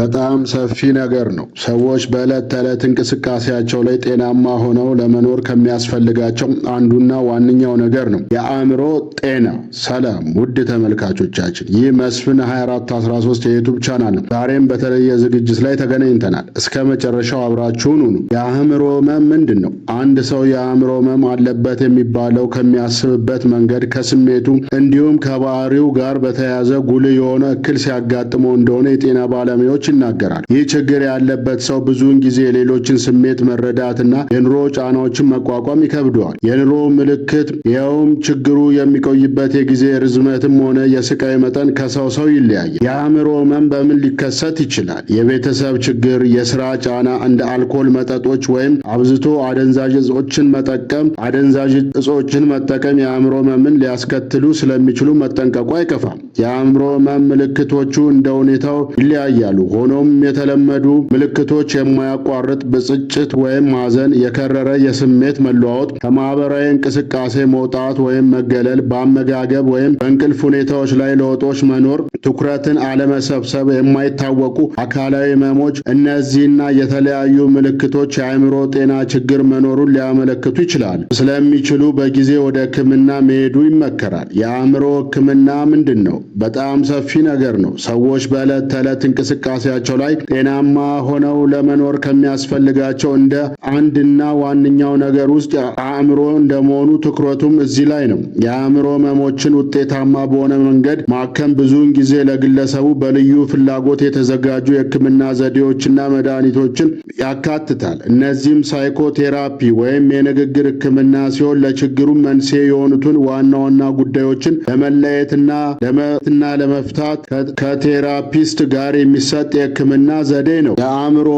በጣም ሰፊ ነገር ነው። ሰዎች በዕለት ተዕለት እንቅስቃሴያቸው ላይ ጤናማ ሆነው ለመኖር ከሚያስፈልጋቸው አንዱና ዋነኛው ነገር ነው የአእምሮ ጤና። ሰላም ውድ ተመልካቾቻችን፣ ይህ መስፍን 2413 የዩቱብ ቻናል ነው። ዛሬም በተለየ ዝግጅት ላይ ተገናኝተናል። እስከ መጨረሻው አብራችሁን ሁኑ። የአእምሮ ህመም ምንድን ነው? አንድ ሰው የአእምሮ ህመም አለበት የሚባለው ከሚያስብበት መንገድ፣ ከስሜቱ እንዲሁም ከባህሪው ጋር በተያያዘ ጉልህ የሆነ እክል ሲያጋጥመው እንደሆነ የጤና ባለሙያዎች ነገሮች ይናገራል። ይህ ችግር ያለበት ሰው ብዙውን ጊዜ የሌሎችን ስሜት መረዳትና የኑሮ ጫናዎችን መቋቋም ይከብደዋል። የኑሮ ምልክት ይኸውም ችግሩ የሚቆይበት የጊዜ ርዝመትም ሆነ የስቃይ መጠን ከሰው ሰው ይለያያል። የአእምሮ ህመም በምን ሊከሰት ይችላል? የቤተሰብ ችግር፣ የስራ ጫና፣ እንደ አልኮል መጠጦች ወይም አብዝቶ አደንዛዥ እጾችን መጠቀም አደንዛዥ እጾችን መጠቀም የአእምሮ ህመምን ሊያስከትሉ ስለሚችሉ መጠንቀቁ አይከፋም። የአእምሮ ህመም ምልክቶቹ እንደ ሁኔታው ይለያያሉ። ሆኖም የተለመዱ ምልክቶች የማያቋርጥ ብስጭት ወይም ማዘን የከረረ የስሜት መለዋወጥ፣ ከማህበራዊ እንቅስቃሴ መውጣት ወይም መገለል፣ በአመጋገብ ወይም በእንቅልፍ ሁኔታዎች ላይ ለውጦች መኖር፣ ትኩረትን አለመሰብሰብ፣ የማይታወቁ አካላዊ ህመሞች፣ እነዚህና የተለያዩ ምልክቶች የአእምሮ ጤና ችግር መኖሩን ሊያመለክቱ ይችላሉ። ስለሚችሉ በጊዜ ወደ ህክምና መሄዱ ይመከራል። የአእምሮ ህክምና ምንድን ነው? በጣም ሰፊ ነገር ነው። ሰዎች በዕለት ተዕለት እንቅስቃሴያቸው ላይ ጤናማ ሆነው ለመኖር ከሚያስፈልጋቸው እንደ አንድና ዋነኛው ነገር ውስጥ አእምሮ እንደመሆኑ ትኩረቱም እዚህ ላይ ነው። የአእምሮ ህመሞችን ውጤታማ በሆነ መንገድ ማከም ብዙውን ጊዜ ለግለሰቡ በልዩ ፍላጎት የተዘጋጁ የሕክምና ዘዴዎችና መድኃኒቶችን ያካትታል። እነዚህም ሳይኮቴራፒ ወይም የንግግር ሕክምና ሲሆን ለችግሩ መንስኤ የሆኑትን ዋና ዋና ጉዳዮችን ለመለየትና ለመትና ለመፍታት ከቴራፒስት ጋር የሚሰጥ የሕክምና ዘዴ ነው። የአእምሮ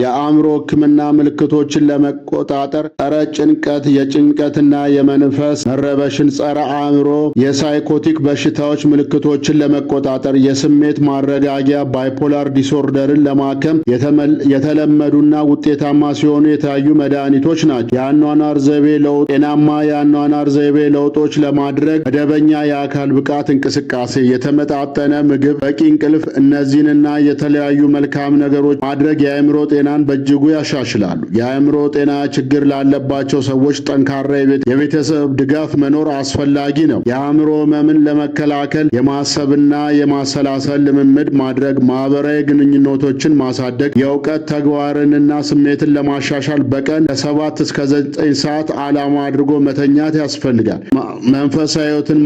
የአእምሮ ሕክምና ምልክቶችን ለመቆጣጠር ጸረ ጭንቀት፣ የጭንቀትና የመንፈስ መረበሽን፣ ጸረ አእምሮ የሳይኮቲክ በሽታዎች ምልክቶችን ለመቆጣጠር የስሜት ማረጋጊያ፣ ባይፖላር ዲስኦርደርን ለማከም የተለመዱና ውጤታማ ሲሆኑ የታዩ መድኃኒቶች ናቸው። የአኗኗር ዘይቤ ለውጥ ጤናማ የአኗኗር ዘይቤ ለውጦች ለማድረግ መደበኛ የአካል ብቃት እንቅስቃሴ፣ የተመጣጠነ ምግብ፣ በቂ እንቅልፍ፣ እነዚህንና የተለያዩ መልካም ነገሮች ማድረግ የአእምሮ ጤናን በእጅጉ ያሻሽላሉ። የአእምሮ ጤና ችግር ላለባቸው ሰዎች ጠንካራ የቤተሰብ ድጋፍ መኖር አስፈላጊ ነው። የአእምሮ ህመምን ለመከላከል የማሰብና የማሰላሰል ልምምድ ማድረግ፣ ማህበራዊ ግንኙነቶችን ማሳደግ፣ የእውቀት ተግባርንና ስሜትን ለማሻሻል በቀን ከሰባት እስከ ዘጠኝ ሰዓት ዓላማ አድርጎ መተኛት ያስፈልጋል። መንፈሳዊ ህይወትን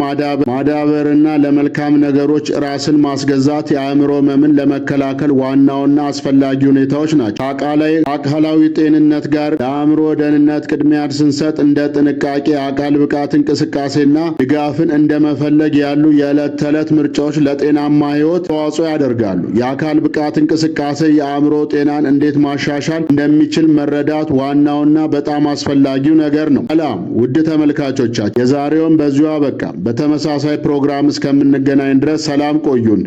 ማዳበርና ለመልካም ነገሮች ራስን ማስገዛት የአእምሮ ህመምን ለመከላከል ዋናውና አስፈላጊ ሁኔታዎች ናቸው። አካላዊ ጤንነት ጋር ለአእምሮ ደህንነት ቅድሚያ ስንሰጥ እንደ ጥንቃቄ፣ አካል ብቃት እንቅስቃሴና ድጋፍን እንደመፈለግ ያሉ የዕለት ተዕለት ምርጫዎች ለጤናማ ሕይወት ተዋጽኦ ያደርጋሉ። የአካል ብቃት እንቅስቃሴ የአእምሮ ጤናን እንዴት ማሻሻል እንደሚችል መረዳት ዋናውና በጣም አስፈላጊው ነገር ነው። ሰላም ውድ ተመልካቾቻችን፣ የዛሬውን በዚሁ አበቃ። በተመሳሳይ ፕሮግራም እስከምንገናኝ ድረስ ሰላም ቆዩን።